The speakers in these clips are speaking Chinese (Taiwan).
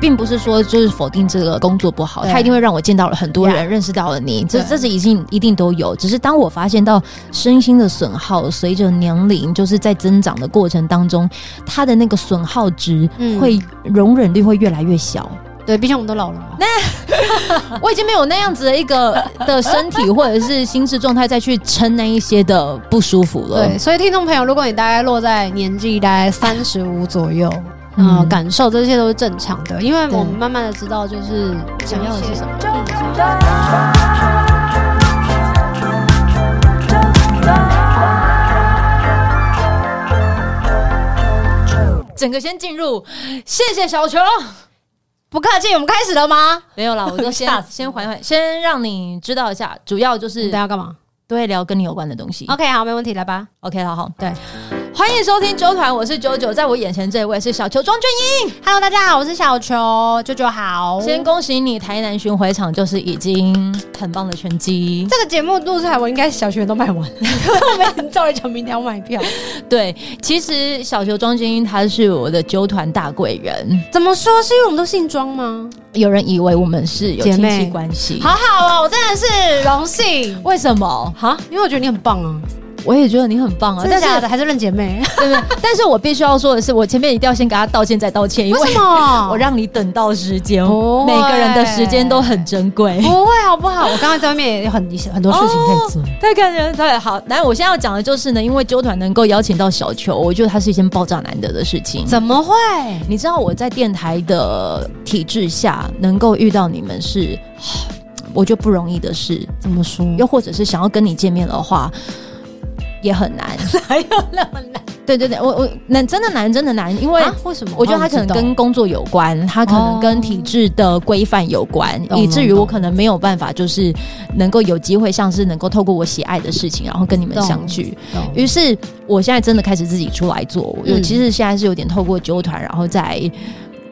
並不是說就是否定這個工作不好，對他一定會讓我見到了很多人，認識到了你，這對這是已經一定都有。只是當我發現到身心的損耗隨着年齡就是在增長的過程當中，他的那個損耗值、會容忍率會越來越小。嗯、對，畢竟我們都老了嘛。那 我已經沒有那樣子的一個的身體或者是心智狀態再去撐那一些的不舒服了。對，所以聽眾朋友，如果你大概落在年紀大概三十五左右。啊嗯，感受這些都是正常的，因為我們慢慢的知道，就是對想要的是什麼。嗯、整個先進入，謝謝小球。不客氣。我們開始了嗎？沒有啦，我就先 先緩緩，先讓你知道一下，主要就是大家幹嘛？都會聊跟你有關的東西。OK，好，沒問題，來吧。OK，好好，對。歡迎收聽啾團，我是啾啾，在我眼前這位是小球莊鵑瑛。Hello，大家好，我是小球，啾啾好。先恭喜你，台南巡回場就是已經很棒的成績。這個節目錄出來，我應該小學都賣完了。們很 照理講，明天要買票。 對，其實小球莊鵑瑛他是我的啾團大貴人。怎麼說？是因為我們都姓莊嗎？有人以為我們是有親戚關係。好好啊、哦，我真的是榮幸。為什麼？哈？因為我覺得你很棒啊。我也覺得你很棒啊！真的假的？是還是認姐妹？對不對，對？ 但是我必須要說的是，我前面一定要先給他道歉，再道歉，因為什麼？我讓你等到時間，每個人的時間都很珍貴，哦欸、不會好不好？我剛剛在外面也有很 很多事情可以做，哦、對，感覺對，對好。但我現在要講的就是呢，因為啾團能夠邀請到小球，我覺得它是一件爆炸難得的事情。怎麼會？你知道我在電台的體制下能夠遇到你們是，我覺得不容易的事。怎麼說？又或者是想要跟你見面的話？也很難， 哪有那麼難？對對對，我我難，真的難，真的難，因為為什麼？我覺得他可能跟工作有關，他可能跟體制的規範有關，哦、以至於我可能沒有辦法，就是能夠有機會，像是能夠透過我喜愛的事情，然後跟你們相聚。於是，我現在真的開始自己出來做，我其實現在是有點透過啾團，然後再。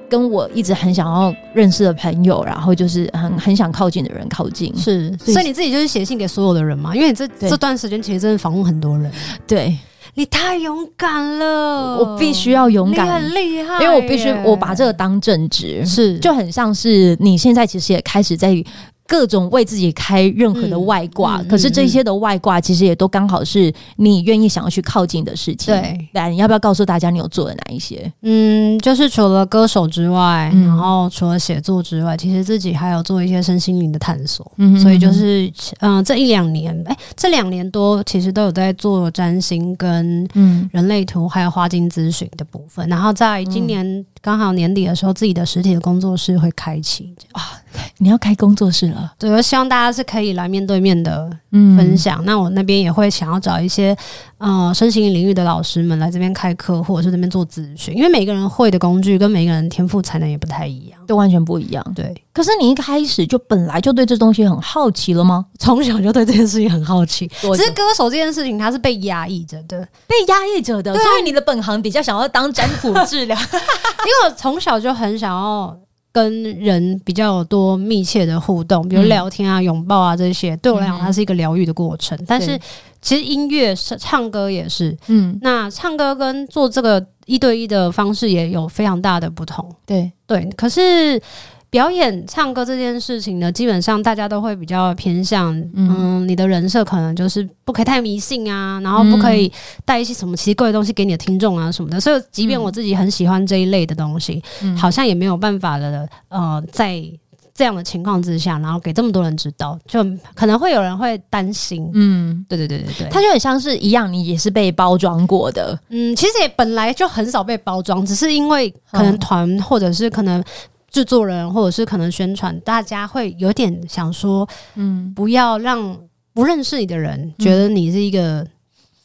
跟我一直很想要認識的朋友，然後就是很很想靠近的人靠近。是，所以你自己就是寫信給所有的人嘛？因為你這對這段時間其實真的訪問很多人，對，你太勇敢了。我必須要勇敢，很厲害，因為我必須我把這個當正職。是，就很像是你現在其實也開始在。各種為自己開任何的外掛，嗯嗯、可是這些的外掛其實也都剛好是你願意想要去靠近的事情。對，來，你要不要告訴大家你有做了哪一些？嗯，就是除了歌手之外，嗯、然後除了寫作之外，其實自己還有做一些身心靈的探索。嗯，嗯，所以就是嗯、呃，這一兩年，哎、欸，這兩年多其實都有在做占星跟嗯人類圖，還有花精諮詢的部分。嗯、然後在今年。嗯剛好年底的時候，自己的實體的工作室會開啟啊、哦！你要開工作室了，對，我希望大家是可以來面對面的分享。嗯、那我那邊也會想要找一些。啊，身心靈領域的老師們來這邊開課，或者是這邊做諮詢，因為每個人會的工具跟每個人天賦才能也不太一樣，都完全不一樣。對，可是你一開始就本來就對這東西很好奇了嗎？從小就對這件事情很好奇。對，其實歌手這件事情，他是被壓抑着的，被壓抑着的。對所以你的本行比較想要當占卜治療， 因為我從小就很想要，跟人比較多密切的互動，比如聊天啊、擁、嗯嗯、抱啊這些，對我來講，它是一個療癒的過程。嗯嗯但是，其實音樂是唱歌也是，嗯，那唱歌跟做這個一對一的方式也有非常大的不同。對對，可是。表演唱歌這件事情呢，基本上大家都會比較偏向，嗯，嗯，你的人設可能就是不可以太迷信啊，然後不可以帶一些什麼奇怪的東西給你的聽眾啊什麼的。所以，即便我自己很喜歡這一類的東西，嗯、好像也沒有辦法的，呃，在這樣的情況之下，然後給這麼多人知道，就可能會有人會擔心。嗯，對對對對對，它就很像是一樣，你也是被包裝過的。嗯，其實也本來就很少被包裝，只是因為可能團或者是可能、嗯。可能製作人或者是可能宣傳，大家會有點想說，嗯，不要讓不認識你的人覺得你是一個嗯，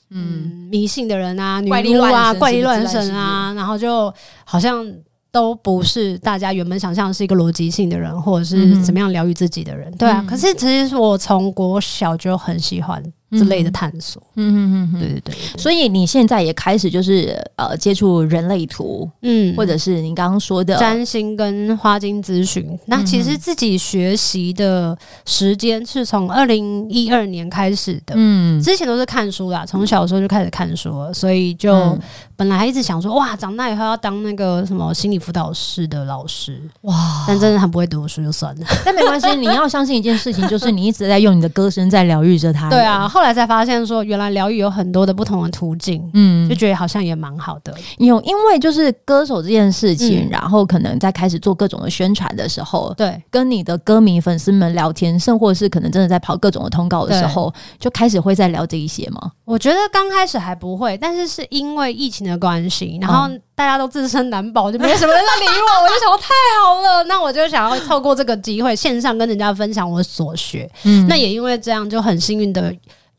嗯迷信的人啊，女巫啊，怪力亂神啊，怪力亂神啊，然後就好像都不是大家原本想象是一個邏輯性的人，嗯、哼或者是怎麼樣療癒自己的人，對啊。嗯、可是其實我從國小就很喜歡。之類的探索，嗯嗯嗯對對對，對，所以你現在也開始就是呃接觸人類圖，嗯，或者是你剛剛說的占星跟花精諮詢。嗯、哼那其實自己學習的時間是從二零一二年開始的，嗯，之前都是看書啦，從小時候就開始看書，所以就本來一直想說哇，長大以後要當那個什麼心理輔導師的老師，哇，但真的很不會讀書就算了， 但沒關係，你要相信一件事情，就是你一直在用你的歌聲在療癒着他，對啊，後來，後來才發現，說原來療癒有很多的不同的途徑，嗯，就覺得好像也蠻好的。有因為就是歌手這件事情，嗯、然後可能在開始做各種的宣傳的時候，對，跟你的歌迷、粉絲們聊天，甚或是可能真的在跑各種的通告的時候，對就開始會在聊這一些嘛。我覺得剛開始還不會，但是是因為疫情的關係，然後大家都自身難保，就沒什麼人在理我。 我就想說太好了，那我就想要透過這個機會，線上跟人家分享我所學。嗯，那也因為這樣，就很幸運的。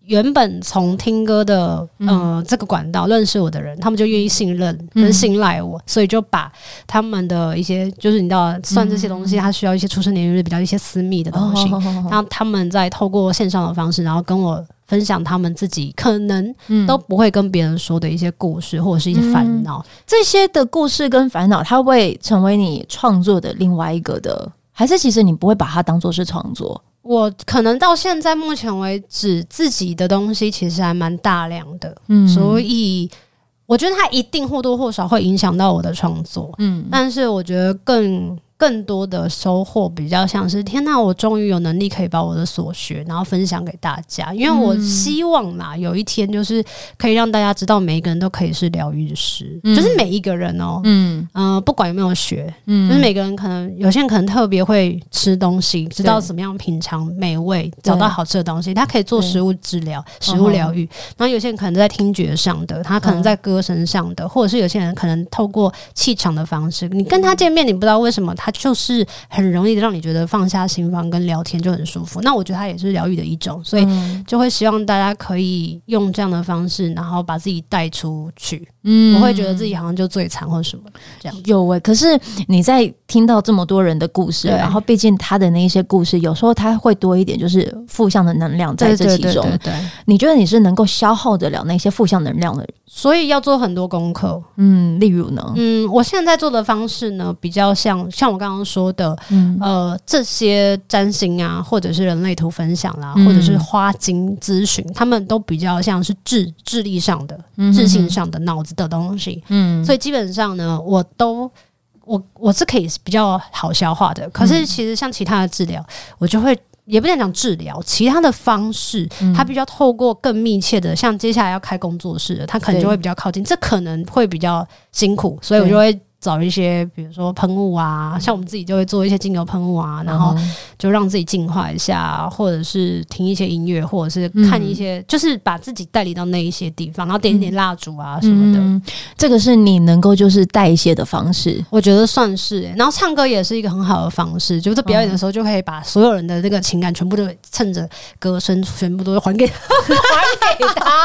原本從聽歌的嗯、呃、這個管道、嗯、認識我的人，他們就願意信任跟信賴我，嗯、所以就把他們的一些就是你知道算這些東西，他、嗯、需要一些出生年月日比較一些私密的東西。然後、哦哦哦哦哦、他們再透過線上的方式，然後跟我分享他們自己可能都不會跟別人說的一些故事或者是一些煩惱、嗯嗯。這些的故事跟煩惱，他會不會成為你創作的另外一個的，還是其實你不會把它當做是創作？我可能到現在目前為止，自己的東西其實還蠻大量的，嗯，所以我覺得它一定或多或少會影響到我的創作，嗯，但是我覺得更。更多的收穫比較像是天吶。我終於有能力可以把我的所學，然後分享給大家。因為我希望啦，有一天就是可以讓大家知道，每一個人都可以是療癒師，嗯、就是每一個人哦、喔，嗯嗯、呃，不管有沒有學，嗯、就是每個人可能有些人可能特別會吃東西，知道怎麼樣品嘗美味，找到好吃的東西，對他可以做食物治療、對食物療癒。然後有些人可能在聽覺上的，他可能在歌聲上的，嗯、或者是有些人可能透過氣場的方式，你跟他見面，你不知道為什麼他。就是很容易讓你覺得放下心房跟聊天就很舒服。那我覺得它也是療癒的一種，所以就會希望大家可以用這樣的方式，然後把自己帶出去。嗯，我會覺得自己好像就最慘或什麼這樣。有欸，可是你在聽到這麼多人的故事，對然後畢竟他的那些故事，有時候他會多一點，就是負向的能量在這其中。對，對，對，對，對，你覺得你是能夠消耗得了那些負向能量的人？所以要做很多功課。嗯，例如呢？嗯，我現在做的方式呢，比較像像。我剛剛說的，呃，這些占星啊，或者是人類圖分享啦、啊，嗯、或者是花精諮詢，他們都比較像是智智力上的、智性上的、腦子的東西。嗯，所以基本上呢，我都我我是可以比較好消化的。可是其實像其他的治療，我就會也不能講治療，其他的方式，它比較透過更密切的，像接下來要開工作室的，他可能就會比較靠近，對這可能會比較辛苦，所以我就會。找一些，比如說噴霧啊，像我們自己就會做一些精油噴霧啊，然後就讓自己淨化一下，或者是聽一些音樂，或者是看一些，嗯、就是把自己帶領到那一些地方，然後點點蠟燭啊、嗯、什麼的、嗯嗯，這個是你能夠就是代謝的方式，我覺得算是、欸。然後唱歌也是一個很好的方式，就是表演的時候就可以把所有人的那個情感全部都趁着歌聲全部都還給他 還給他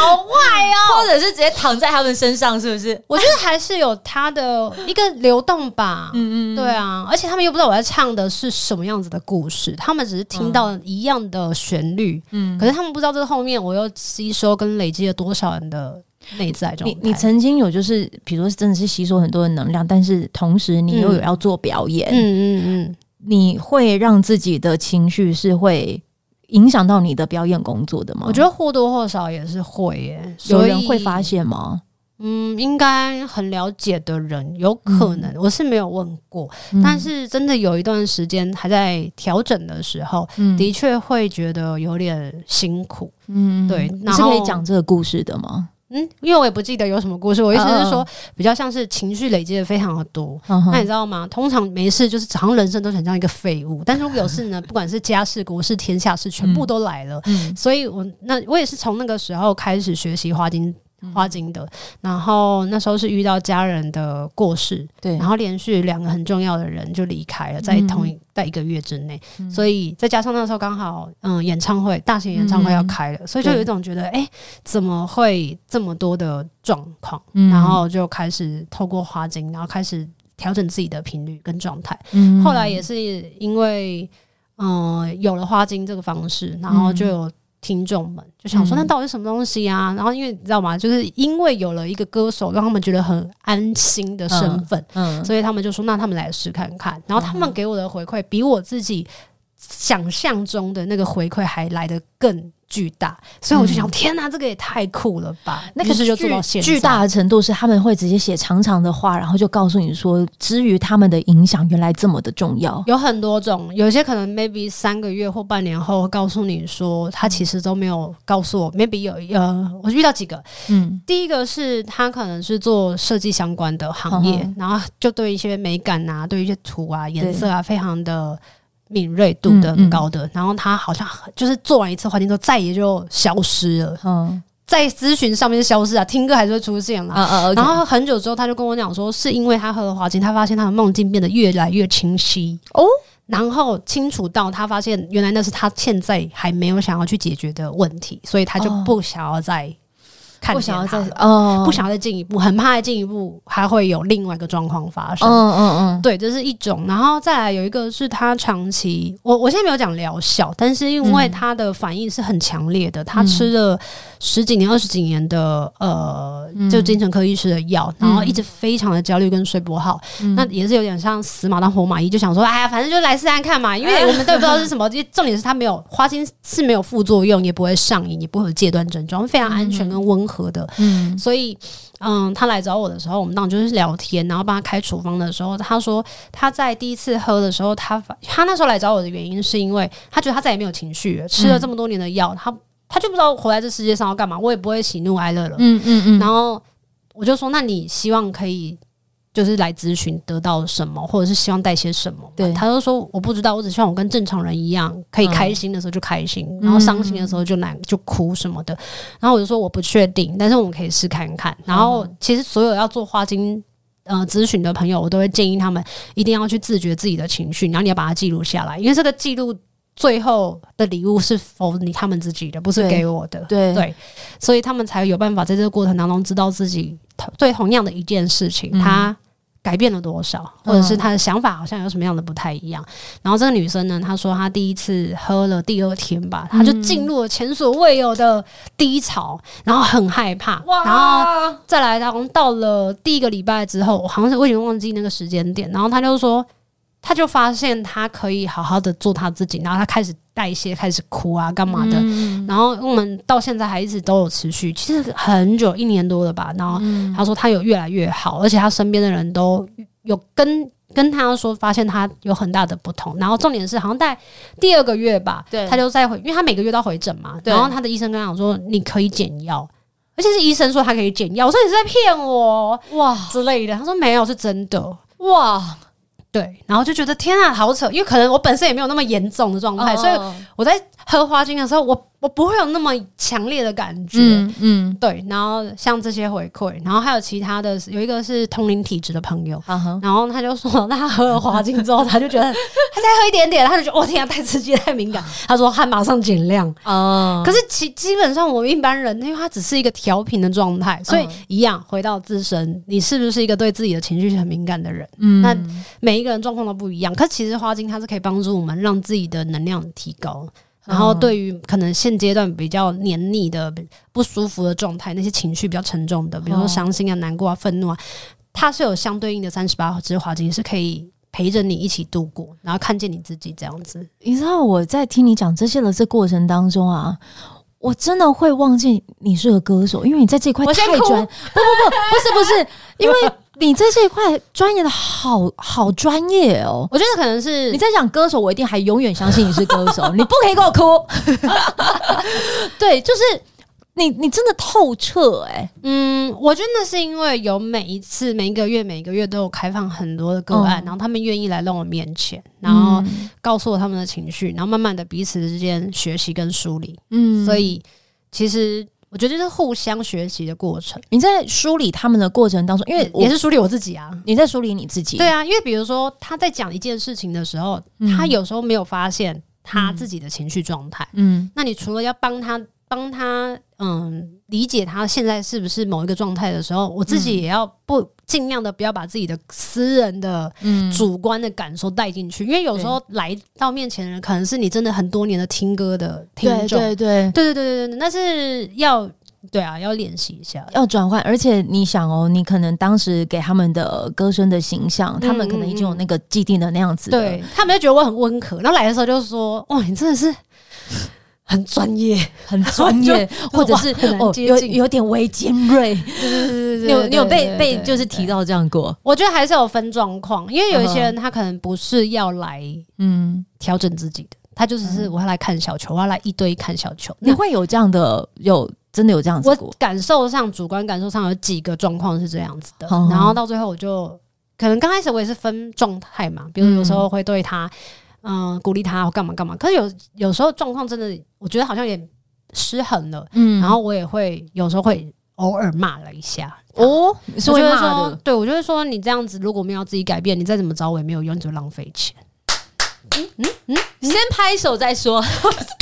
好壞哦、喔，或者是直接躺在他們身上，是不是？我覺得還是有他的。一個流動吧，嗯嗯，對啊，而且他們又不知道我在唱的是什麼樣子的故事，他們只是聽到一樣的旋律，嗯、嗯，可是他們不知道這後面我又吸收跟累積了多少人的內在狀態。你你曾經有就是，比如說真的是吸收很多的能量，但是同時你又有要做表演，嗯嗯嗯、嗯，你會讓自己的情緒是會影響到你的表演工作的嗎？我覺得或多或少也是會耶。有人會發現嗎？嗯，應該很了解的人有可能，嗯、我是沒有問過。嗯、但是真的有一段時間還在調整的時候，嗯、的確會覺得有點辛苦。嗯，對，那是可以講這個故事的嗎？嗯，因為我也不記得有什麼故事。我意思是說，嗯、比較像是情緒累積的非常的多。嗯、哼那你知道嗎？通常沒事就是好像人生都很像一個廢物。嗯、但是如果有事呢，不管是家事、國事、天下事，全部都來了。嗯、所以我那我也是從那個時候開始學習花精。花精的，然後那時候是遇到家人的過世，對，然後連續兩個很重要的人就離開了，在同一、嗯、在一個月之內，嗯、所以再加上那時候剛好嗯演唱會大型演唱會要開了，嗯、所以就有一種覺得哎對、欸、怎麼會這麼多的狀況，嗯、然後就開始透過花精，然後開始調整自己的頻率跟狀態。嗯、後來也是因為嗯、呃、有了花精這個方式，然後就有。聽眾們就想說，那到底是什麼東西呀？嗯、然後因為你知道嗎？就是因為有了一個歌手，讓他們覺得很安心的身份，嗯，嗯，所以他們就說，那他們來試看看。然後他們給我的回饋，嗯哼，比我自己。想象中的那個回饋還來得更巨大，所以我就想，嗯、天哪，這個也太酷了吧！那個是就巨、巨大的程度，是他們會直接寫長長的話，然後就告訴你說，之於他們的影響，原來這麼的重要。有很多種，有些可能 maybe 三個月或半年後告訴你說，他其實都沒有告訴我。maybe 有呃，我遇到幾個，嗯，第一個是他可能是做設計相關的行業，嗯、哼然後就對一些美感啊，對一些圖啊、顏色啊，對非常的。敏銳度的很高的，嗯嗯、然後他好像就是做完一次花精之後，再也就消失了。嗯，在諮詢上面消失啊，聽歌還是會出現啦。嗯嗯 okay、然後很久之後，他就跟我講說，是因為他喝了花精，他發現他的夢境變得越來越清晰哦，然後清楚到他發現原來那是他現在還沒有想要去解決的問題，所以他就不想要再、哦。看不想要再，呃、不想要再進一步，很怕再進一步，還會有另外一個狀況發生。嗯嗯嗯，嗯嗯對，這、就是一種。然後再來有一個是他長期，我我現在沒有講療效，但是因為他的反應是很強烈的，嗯、他吃了十幾年、二十、嗯、幾年的呃，嗯、就精神科醫師的藥，然後一直非常的焦慮跟睡不好。嗯、那也是有點像死馬當活馬醫，就想說，哎呀，反正就來試探看嘛。因為我們都不知道是什麼，重點是他沒有花精是沒有副作用，也不會上癮，也不會有戒斷症狀，非常安全跟溫。嗯喝的，嗯，所以，嗯，他來找我的時候，我們當然就是聊天，然後幫他開處方的時候，他說他在第一次喝的時候，他他那時候來找我的原因是因為他覺得他再也沒有情緒，吃了這麼多年的藥，嗯、他他就不知道活在這世界上要幹嘛，我也不會喜怒哀樂了，嗯嗯嗯，嗯嗯然後我就說，那你希望可以。就是來諮詢得到什麼，或者是希望帶些什麼。對，他說我不知道，我只希望我跟正常人一樣，可以開心的時候就開心，嗯、然後傷心的時候就難就哭什麼的。嗯嗯然後我就說我不確定，但是我們可以試看看。然後、嗯、哼其實所有要做花精呃諮詢的朋友，我都會建議他們一定要去自覺自己的情緒，然後你要把它記錄下來，因為這個記錄最後的禮物是否你他們自己的，不是給我的。對對，對，所以他們才有辦法在這個過程當中知道自己對同樣的一件事情、嗯、他。改變了多少，或者是她的想法好像有什麼樣的不太一樣。嗯、然後這個女生呢，她說她第一次喝了第二天吧，她就進入了前所未有的低潮，然後很害怕。哇、嗯！然後再來，然後到了第一個禮拜之後，我好像是為什麼忘記那個時間點。然後她就說。他就發現他可以好好的做他自己，然後他開始代謝，開始哭啊，幹嘛的？嗯、然後我們到現在還一直都有持續，其實很久，一年多了吧。然後他說他有越來越好，而且他身邊的人都有跟跟他說，發現他有很大的不同。然後重點是，好像在第二個月吧，對他就在回，因為他每個月都要回診嘛。對然後他的醫生跟他說，你可以減藥，而且是醫生說他可以減藥。我說你是在騙我哇之類的。他說沒有，是真的哇。對，然後就覺得天啊，好扯，因為可能我本身也沒有那麼嚴重的狀態，哦、所以我在喝花精的時候，我。我不會有那麼強烈的感覺，嗯，嗯對。然後像這些回饋，然後還有其他的，有一個是通靈體質的朋友，啊、哼然後他就說，那他喝了花精之後， 他就覺得他再喝一點點，他就覺得我、哦、天啊，太刺激，太敏感。他說他馬上減量。哦、嗯，可是其基本上我們一般人，因為他只是一個調頻的狀態，所以一樣回到自身，你是不是一個對自己的情緒很敏感的人？嗯，那每一個人狀況都不一樣。可是其實花精它是可以幫助我們讓自己的能量提高。然後，對於可能現階段比較黏膩的、不舒服的狀態，那些情緒比較沉重的，比如說傷心啊、難過啊、憤怒啊，它是有相對應的三十八支花精，是可以陪着你一起度過，然後看見你自己這樣子。你知道我在聽你講這些的這過程當中啊，我真的會忘記你是個歌手，因為你在這塊太我專。不不不，不是不是，因為。你在這一塊專業的好好專業哦、喔，我覺得可能是你在講歌手，我一定還永遠相信你是歌手， 你不可以給我哭。 對，就是你，你真的透徹哎、欸。嗯，我真的是因為有每一次、每一個月、每一個月都有開放很多的個案，嗯、然後他們願意來到我面前，然後告訴我他們的情緒，然後慢慢的彼此之間學習跟梳理。嗯，所以其實。我覺得是互相學習的過程。你在梳理他們的過程當中，因為也是梳理我自己啊。你在梳理你自己，對啊。因為比如說他在講一件事情的時候，他有時候沒有發現他自己的情緒狀態。嗯，嗯，那你除了要幫他。幫他嗯理解他現在是不是某一個狀態的時候，我自己也要不、嗯、盡量的不要把自己的私人的主觀的感受帶進去，嗯、因為有時候來到面前的人對，可能是你真的很多年的聽歌的聽眾，對對對對對對對，是要對啊，要練習一下，要轉換。而且你想哦、喔，你可能當時給他們的歌聲的形象，嗯、他們可能已經有那個既定的那樣子，對他們就覺得我很溫和，然後來的時候就說哇，你真的是。很專業，很專業，或者是哦，有有點微尖銳，你有你有被被就是提到這樣過。我覺得還是有分狀況，因為有一些人他可能不是要來嗯調整自己的，他就只是我要來看小球，我要來一堆看小球。你會有這樣的有真的有這樣子過？我感受上主觀感受上有幾個狀況是這樣子的，然後到最後我就可能剛開始我也是分狀態嘛，比如有時候會對他。嗯，鼓勵他我幹嘛幹嘛？可是有有時候狀況真的，我覺得好像也失衡了。嗯，然後我也會有時候會偶爾罵了一下。哦，所以會罵說，對，我就會說你這樣子，如果沒有要自己改變，你再怎麼找我也沒有用，你就浪費錢。嗯嗯嗯，先拍手再說。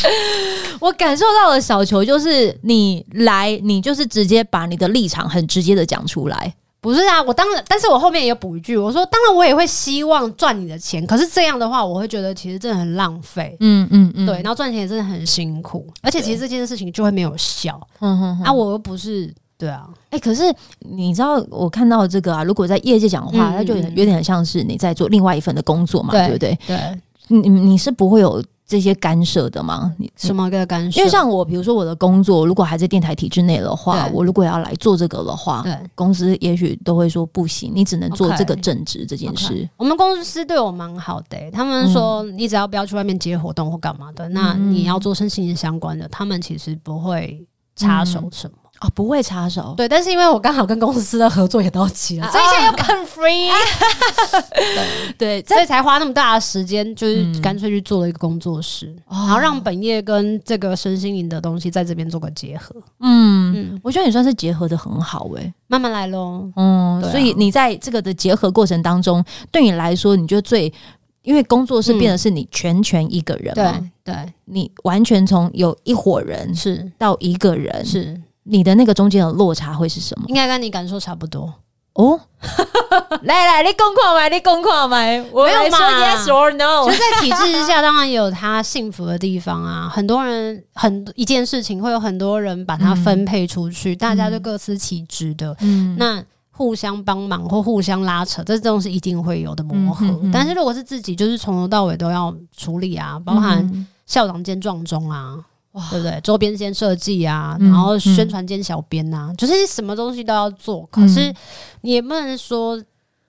我感受到了小球，就是你來，你就是直接把你的立場很直接的講出來。不是啊，我當然，但是我後面也有補一句，我說當然我也會希望賺你的錢，可是這樣的話，我會覺得其實真的很浪費。嗯，嗯嗯嗯，對，然後賺錢也真的很辛苦，對而且其實這件事情就會沒有效，嗯嗯對啊，我又不是，對啊，哎、欸，可是你知道我看到這個啊，如果在業界講的話，那、嗯、就有點很像是你在做另外一份的工作嘛，對，對不對？對，你你是不會有。這些干涉的嗎？什麼個干涉？因為像我，比如說我的工作，如果還在電台體制內的話，對我如果要來做這個的話，對公司也許都會說不行，你只能做這個正職這件事。Okay. Okay. 我們公司對我蠻好的、欸，他們說你只要不要去外面接活動或幹嘛的、嗯，那你要做聲訊相關的，他們其實不會插手、嗯、什麼。啊、哦，不會插手，對，但是因為我剛好跟公司的合作也到期了，所以現在又看 free， 對，對在所以才花那麼大的時間，就是乾脆去做了一個工作室，嗯、然後讓本業跟這個身心靈的東西在這邊做個結合。嗯，嗯我覺得也算是結合的很好誒、欸，慢慢來嘍。嗯，所以你在這個的結合過程當中，對你來說，你就得最因為工作室變的是你全全一個人對、嗯、對，對你完全從有一夥人是到一個人是。是你的那個中間的落差會是什麼？應該跟你感受差不多哦。 來來，你共況沒？你共況沒？我沒有，我說 yes or no。就在體制之下， 當然有它幸福的地方啊。很多人，很一件事情，會有很多人把它分配出去，嗯、大家都各司其職的。嗯，那互相幫忙或互相拉扯，這都是一定會有的磨合。嗯、哼哼，但是如果是自己，就是從頭到尾都要處理啊，包含校長兼撞鐘啊。嗯哼哼哇對不對？周邊兼設計啊，嗯、然後宣傳兼小編吶、啊，嗯、就是什麼東西都要做。可是你也不能說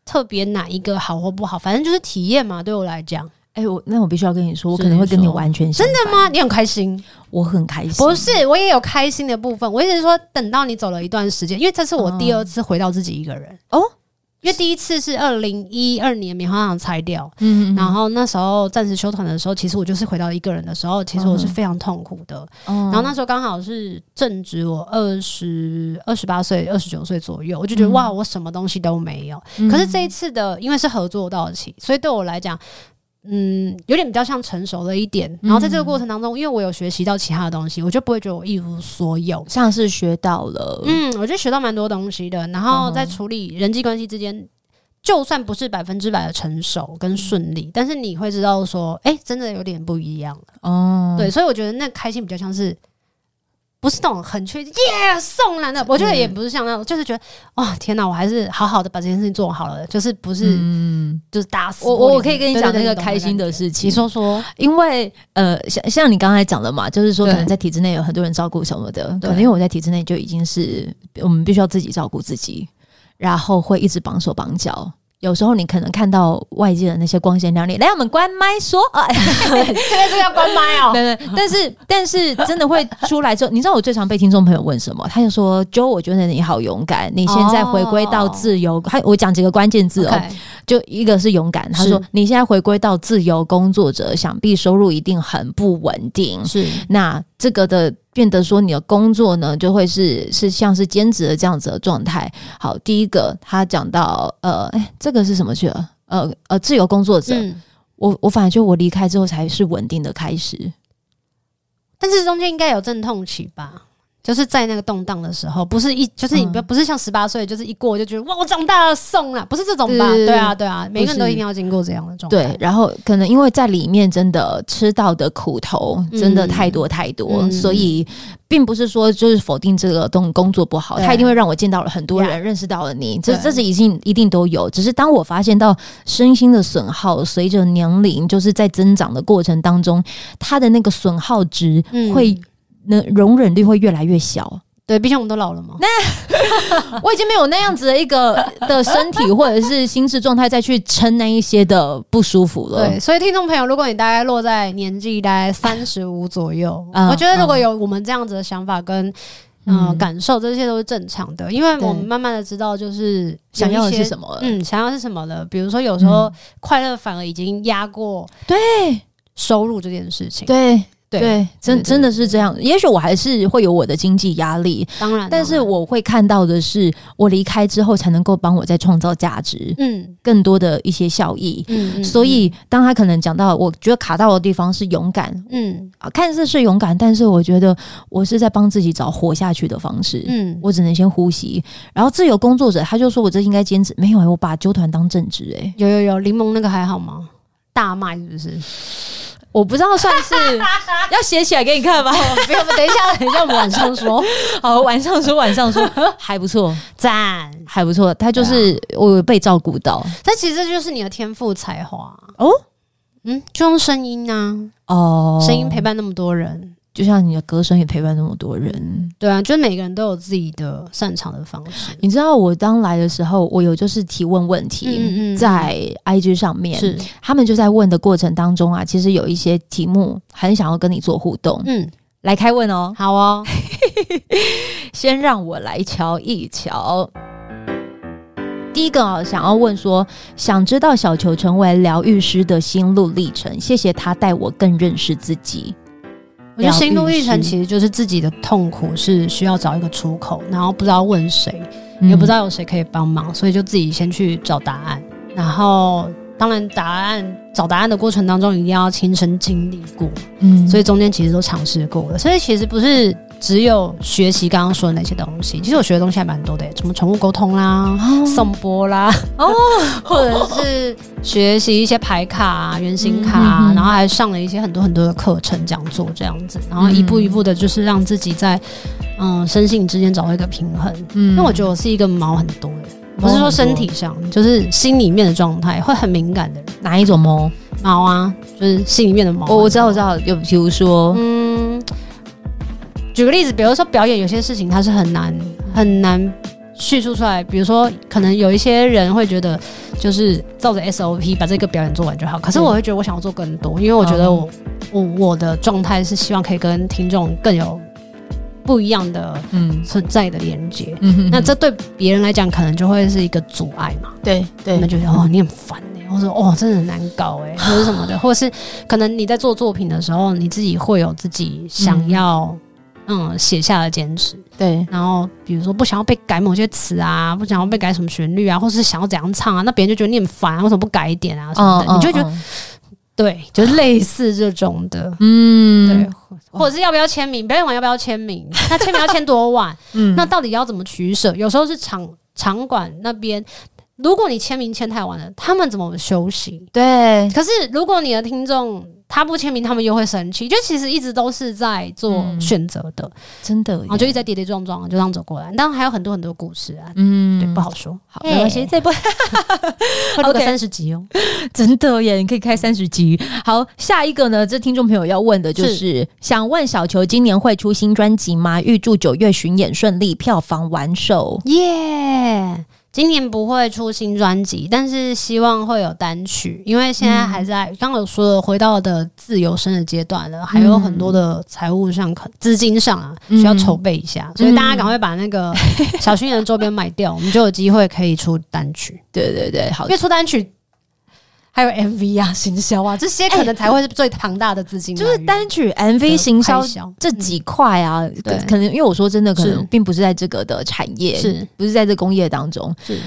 特別哪一個好或不好，反正就是體驗嘛。對我來講，哎、欸，我那我必須要跟你說，說我可能會跟你完全相反。真的嗎？你很開心，我很開心，不是，我也有開心的部分。我意思是說，等到你走了一段時間，因為這是我第二次回到自己一個人、嗯、哦。因為第一次是二零一二年棉花糖拆掉，嗯嗯，然後那時候暫時休團的時候，其實我就是回到一個人的時候，其實我是非常痛苦的。嗯嗯，然後那時候剛好是正值我二十二十八歲、二十九歲左右，我就覺得、嗯、哇，我什麼東西都沒有。嗯、可是這一次的，因為是合作到期，所以對我來講。嗯，有點比較像成熟了一點，然後在這個過程當中，嗯、因為我有學習到其他的東西，我就不會覺得我一無所有，像是學到了，嗯，我覺得學到蠻多東西的。然後在處理人際關係之間，嗯、就算不是百分之百的成熟跟順利，嗯、但是你會知道說，哎、欸，真的有點不一樣了。哦，對，所以我覺得那個開心比較像是。不是那種很確定耶、yeah, 送來的，我覺得也不是像那種，就是覺得哇、哦、天哪，我還是好好的把這件事情做好了，就是不是、嗯、就是打死我，我，我可以跟你講那個開心的事情，你，你說說，因為呃，像像你剛才講的嘛，就是說可能在體制內有很多人照顧什麼的，對，可能因為我在體制內就已經是我們必須要自己照顧自己，然後會一直綁手綁腳。有時候你可能看到外界的那些光鮮亮麗，來我們關麥說，啊，現 在是要關麥哦、喔。對， 但是但是真的會出來之後，你知道我最常被聽眾朋友問什麼？他就說：Joe，我覺得你好勇敢，你現在回歸到自由，哦、我講幾個關鍵字哦，Okay 就一個是勇敢。是他說你現在回歸到自由工作者，想必收入一定很不穩定。是那。這個的變得說你的工作呢，就會是是像是兼職的這樣子的狀態。好，第一個他講到呃，哎、欸，這個是什麼去了？呃呃，自由工作者。嗯、我我反而就我離開之後才是穩定的開始，但是中間應該有陣痛期吧。就是在那個動盪的時候，不是一就是你不要，嗯、不是像十八歲，就是一過我就覺得哇，我長大了，送了，不是這種吧？是對啊，對啊，是每個人都一定要經過這樣的狀態。對，然後可能因為在裡面真的吃到的苦頭真的太多太多，嗯，所以並不是說就是否定這個動工作不好，它對一定會讓我見到了很多人，呀認識到了你，這，就是，這是已經一定都有。只是當我發現到身心的損耗隨着年齡就是在增長的過程當中，它的那個損耗值會，能容忍力會越來越小，對，畢竟我們都老了嘛。那 我已經沒有那樣子的一個的身體或者是心智狀態再去撐那一些的不舒服了。對，所以聽眾朋友，如果你大概落在年紀大概三十五左右，啊、我覺得如果有我們這樣子的想法跟嗯、呃、感受，這些都是正常的，因為我們慢慢的知道就是想要的是什麼，嗯，想要的是什麼的。比如說有時候快樂反而已經壓過、嗯、對收入這件事情，對。對，對真對對對真的是這樣。也許我還是會有我的經濟壓力，當然，但是我會看到的是，我離開之後才能夠幫我再創造價值，嗯，更多的一些效益。嗯，嗯，嗯，所以當他可能講到，我覺得卡到的地方是勇敢，嗯啊，看似是勇敢，但是我覺得我是在幫自己找活下去的方式，嗯，我只能先呼吸。然後自由工作者，他就說我這應該堅持’。沒有、欸，我把啾團當正職、欸，哎，有有有，檸檬那個還好嗎？大賣是不是？我不知道算是 要寫起來給你看嗎？不 等一下，等一下，我們晚上說。 好，晚上說，晚上說，還不錯，讚 讚，還不錯。他就是、啊、我被照顧到，但其實這就是你的天賦才華哦。嗯，就用聲音啊，哦，聲音陪伴那麼多人。就像你的歌聲也陪伴那麼多人，對啊，就每個人都有自己的擅長的方式。你知道我剛來的時候，我有就是提問問題，嗯嗯嗯在 IG 上面是他們就在問的過程當中啊，其實有一些題目很想要跟你做互動，嗯，來開問哦，好哦， 先讓我來瞧一瞧。第一個啊，想要問說，想知道小球成為療癒師的心路歷程，謝謝他帶我更認識自己。我覺得心路歷程其實就是自己的痛苦是需要找一個出口，然後不知道問誰，也不知道有誰可以幫忙，嗯，所以就自己先去找答案。然後當然，答案找答案的過程當中一定要親身經歷過，嗯，所以中間其實都嘗試過了。所以其實不是。只有學習剛剛說的那些東西，其實我學的東西還蠻多的，什麼寵物溝通啦、哦、頌缽啦，哦、或者是學習一些牌卡、啊、原型卡、啊，嗯、然後還上了一些很多很多的課程講座，這樣子，然後一步一步的，就是讓自己在嗯身心、嗯嗯、之間找到一個平衡。嗯，因為我覺得我是一個毛很多的人，不是說身體上，就是心裡面的狀態會很敏感的人。哪一種毛？毛啊，就是心裡面的毛我。我知道，我知道，有譬如說嗯。舉個例子，比如說表演，有些事情它是很難很難敘述出來。比如說，可能有一些人會覺得，就是照着 SOP 把這個表演做完就好。可是我會覺得，我想要做更多，因為我覺得我、嗯、我我的狀態是希望可以跟聽眾更有不一樣的存在的連接。嗯、那這對別人來講，可能就會是一個阻礙嘛？對，對，他們覺得哦，你很煩哎、欸，或者哦，真的很難搞哎、欸，或者什麼的，啊、或者是可能你在做作品的時候，你自己會有自己想要。嗯，寫下了堅持。對，然後比如說不想要被改某些詞啊，不想要被改什麼旋律啊，或者是想要怎樣唱啊，那別人就覺得你很煩、啊，為什麼不改一點啊？哦、什麼的，哦、你就覺得、哦、對，就是類似這種的。嗯，對，或者是要不要簽名，表演完要不要簽名？嗯、那簽名要簽多晚？ 嗯，那到底要怎麼取捨？有時候是場場館那邊，如果你簽名簽太晚了，他們怎麼休息？對，可是如果你的聽眾。他不簽名，他們又會生氣，就其實一直都是在做選擇的，嗯、真的，然後、啊、就一直在跌跌撞撞就這樣走過來，當然還有很多很多故事啊，嗯，對，不好說，好，沒關係，再播，我開三十集哦、okay，真的耶，你可以開三十集。好，下一個呢，這聽眾朋友要問的就是，是想問小球今年會出新專輯嗎？預祝九月巡演順利，票房完售，耶、yeah。今年不會出新專輯，但是希望會有單曲，因為現在還在剛剛、嗯、說的回到的自由身的階段了，還有很多的財務上、資金上啊，需要籌備一下，嗯、所以大家趕快把那個小新人的周邊買掉， 我們就有機會可以出單曲。對對對，好，因為出單曲。還有 MV 啊，行銷啊，這些可能才會是最龐大的資金、欸。就是單曲 MV、行銷這幾塊啊、嗯可，可能因為我說真的，可能並不是在這個的產業，是不是在這個工業當中？是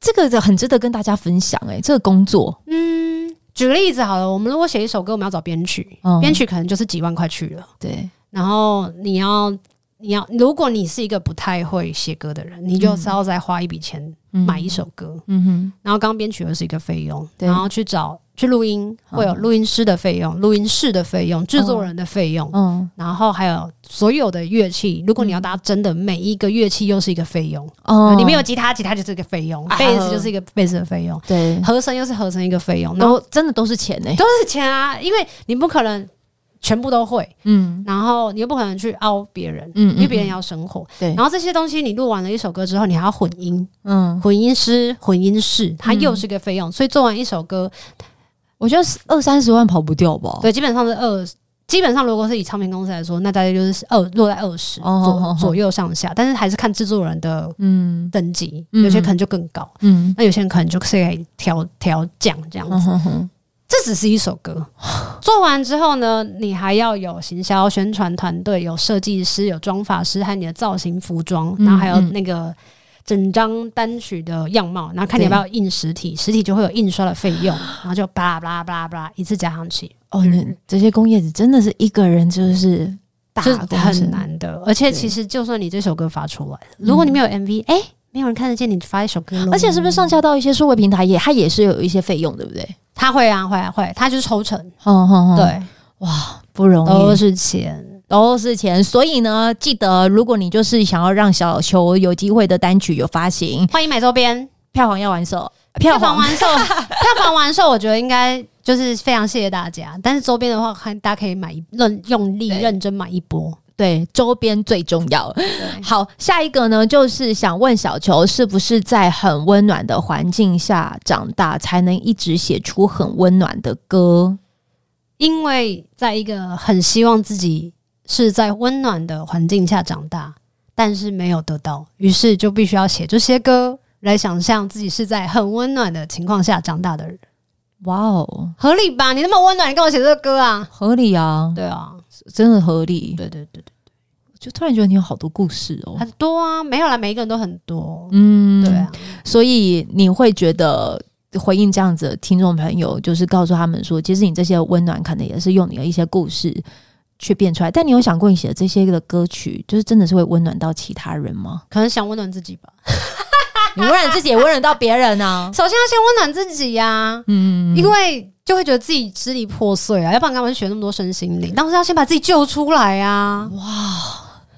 這個很值得跟大家分享哎、欸，這個工作，嗯，舉個例子好了，我們如果寫一首歌，我們要找編曲，編、嗯、曲可能就是幾萬塊去了，對，然後你要。你要，如果你是一個不太會寫歌的人，你就稍要再花一筆錢買一首歌，嗯哼，然後剛剛編曲又是一個費用，對然後去找去錄音會有錄音師的費用、錄、嗯、音室的費用、制作人的費用，嗯、然後還有所有的樂器，如果你要搭真的每一個樂器又是一個費用哦，你沒、嗯、有吉他，吉他就是一個費用，貝斯、啊、就是一個貝斯的費用，對，和聲又是和聲一個費用，然後真的都是錢呢、欸，都是錢啊，因為你不可能。全部都會，嗯，然後你又不可能去凹別人，嗯，因為別人要生活，對。然後這些東西，你錄完了一首歌之後，你還要混音，嗯，混音師、混音室，它又是個費用。所以做完一首歌，我覺得二三十萬跑不掉吧。對，基本上是二，基本上如果是以唱片公司來說，那大概就是二，落在二十左左右上下。但是還是看製作人的嗯等級，有些可能就更高，嗯，那有些人可能就是可以調調降這樣子。這只是一首歌，做完之後呢，你還要有行銷宣傳團隊，有設計師，有妝髮師，還有你的造型服裝，嗯、然後還有那個整張單曲的樣貌，嗯、然後看你要不要印實體，對實體就會有印刷的費用，然後就巴拉巴拉巴拉巴拉一次加上去。哦，嗯、這些工業子真的是一個人就是大的，是很難的，而且其實就算你這首歌發出來，如果你沒有 MV，哎、嗯。誒沒有人看得見你發一首歌，而且是不是上架到一些數位平台也，他也是有一些費用，對不對？他會啊，會啊，會，他就是抽成。嗯嗯嗯、對，哇，不容易，都是錢，都是錢。所以呢，記得如果你就是想要讓小球有機會的單曲有發行，歡迎買周邊、啊，票房要完售， 票房完售，票房完售，我覺得應該就是非常謝謝大家。但是周邊的話，大家可以買一認用力認真買一波。對，周邊最重要。對好，下一個呢，就是想問小球，是不是在很溫暖的環境下長大，才能一直寫出很溫暖的歌？因為在一個很希望自己是在溫暖的環境下長大，但是沒有得到，於是就必須要寫這些歌，來想象自己是在很溫暖的情況下長大的人。哇哦 Wow，合理吧？你那麼溫暖，你跟我寫這個歌啊？合理啊。對啊。真的合理，對對對對，就突然覺得你有好多故事哦，很多啊，沒有啦，每一個人都很多，嗯，對啊，所以你會覺得回應這樣子聽眾朋友，就是告訴他們說，其實你這些溫暖，可能也是用你的一些故事去變出來。但你有想過，你寫的這些個歌曲，就是真的是會溫暖到其他人嗎？可能想溫暖自己吧， 你溫暖自己也溫暖到別人啊，首先要先溫暖自己呀、啊，嗯，因為。就會覺得自己支離破碎啊，要不然幹嘛學那麼多身心靈？當時要先把自己救出來啊。哇，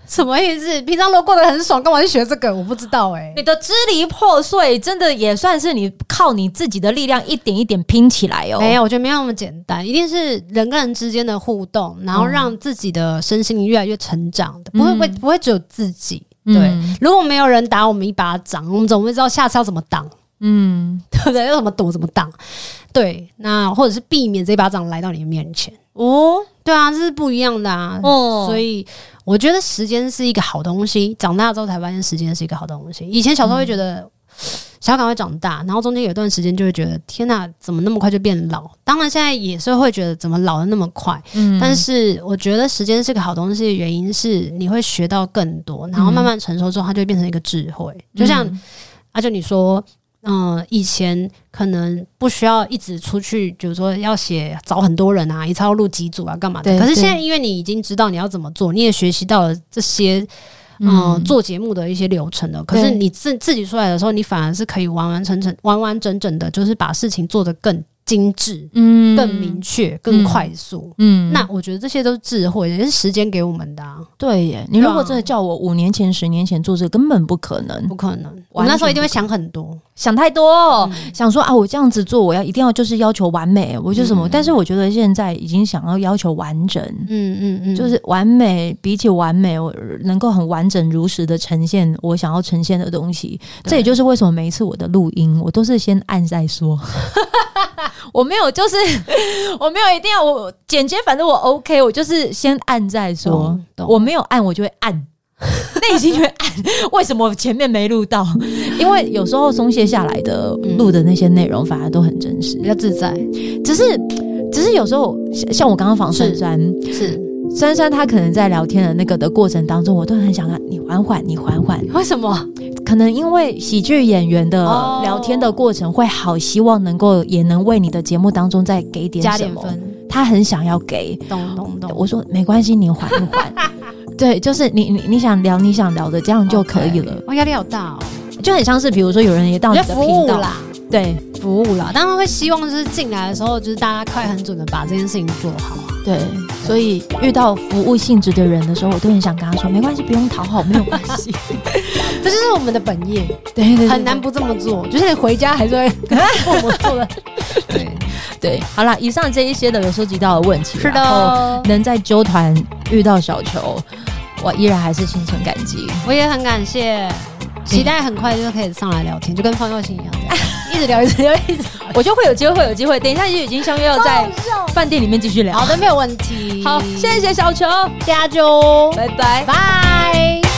什麼意思？平常都過得很爽，幹嘛去學這個？我不知道哎、欸。你的支離破碎，真的也算是你靠你自己的力量一點一點拼起來哦。沒有，我覺得沒有那麼簡單，一定是人跟人之間的互動，然後讓自己的身心靈越來越成長的，不會不會不會只有自己。嗯、對，如果沒有人打我們一巴掌，我們怎麼會知道下次要怎麼擋？嗯，對不對？要怎麼躲怎麼擋，對，那或者是避免這一巴掌來到你的面前。哦，對啊，這是不一樣的啊。哦，所以我覺得時間是一個好東西。長大之後才發現時間是一個好東西。以前小時候會覺得、嗯、小感會長大，然後中間有一段時間就會覺得天哪、啊，怎麼那麼快就變老？當然現在也是會覺得怎麼老得那麼快。嗯，但是我覺得時間是一個好東西的原因是你會學到更多，然後慢慢成熟之後，它就會變成一個智慧。就像而且、嗯啊、你說。嗯、呃，以前可能不需要一直出去，比如說要寫找很多人啊，一次要錄幾組啊，幹嘛的？對 可是現在，因為你已經知道你要怎麼做，你也學習到了這些，嗯、呃，做節目的一些流程了。嗯、可是你自自己出來的時候，你反而是可以完完整整、完完整整的，就是把事情做得更精緻，嗯，更明確，更快速，嗯，那我覺得這些都是智慧，也是時間給我們的。對耶，你如果真的叫我五年前、十年前做這個，根本不可能，不可能。我那時候一定會想很多，想太多，想說啊，我這樣子做，我要一定要就是要求完美，我就什麼。但是我覺得現在已經想要要求完整，嗯嗯嗯，就是完美比起完美，我能夠很完整、如實的呈現我想要呈現的東西。這也就是為什麼每一次我的錄音，我都是先按再說。我沒有，就是我沒有一定要我剪接，反正我 OK，我就是先按再說。我沒有按，我就會按，內心就會按。為什麼前面沒錄到？ 因為有時候鬆懈下來的錄、嗯、的那些內容，反而都很真實，比較自在。只是，只是有時候像我剛剛防酸酸是。是珊珊他可能在聊天的那個的過程當中，我都很想讓你緩緩，你緩緩，緩緩為什麼？可能因為喜劇演員的聊天的過程會好，希望能夠也能為你的節目當中再給一點加點分。他很想要給，懂懂懂。我說沒關係，你緩緩。 對，就是你你你想聊你想聊的，這樣就可以了。Okay，我壓力好大哦，就很像是比如說有人也到你的頻道啦，對，服務啦，當然會希望就是進來的時候，就是大家快狠準的把這件事情做好。對，所以遇到服務性質的人的時候，我都很想跟他說，沒關係，不用討好，沒有關係， 這就是我們的本業。對，對，對，很難不這麼做，就是回家還是會做、啊、的，對對，好了，以上這一些的有收集到的問題，是的、哦，能在啾團遇到小球，我依然還是心存感激，我也很感謝，嗯、期待很快就可以上來聊天，就跟方若欣一樣，這樣。哎聊一次，聊一次，我覺得會有機會，會有機會。等一下就已經相約要在飯店裡面繼續聊。好的，沒有問題。好，謝謝小球，加油拜拜拜。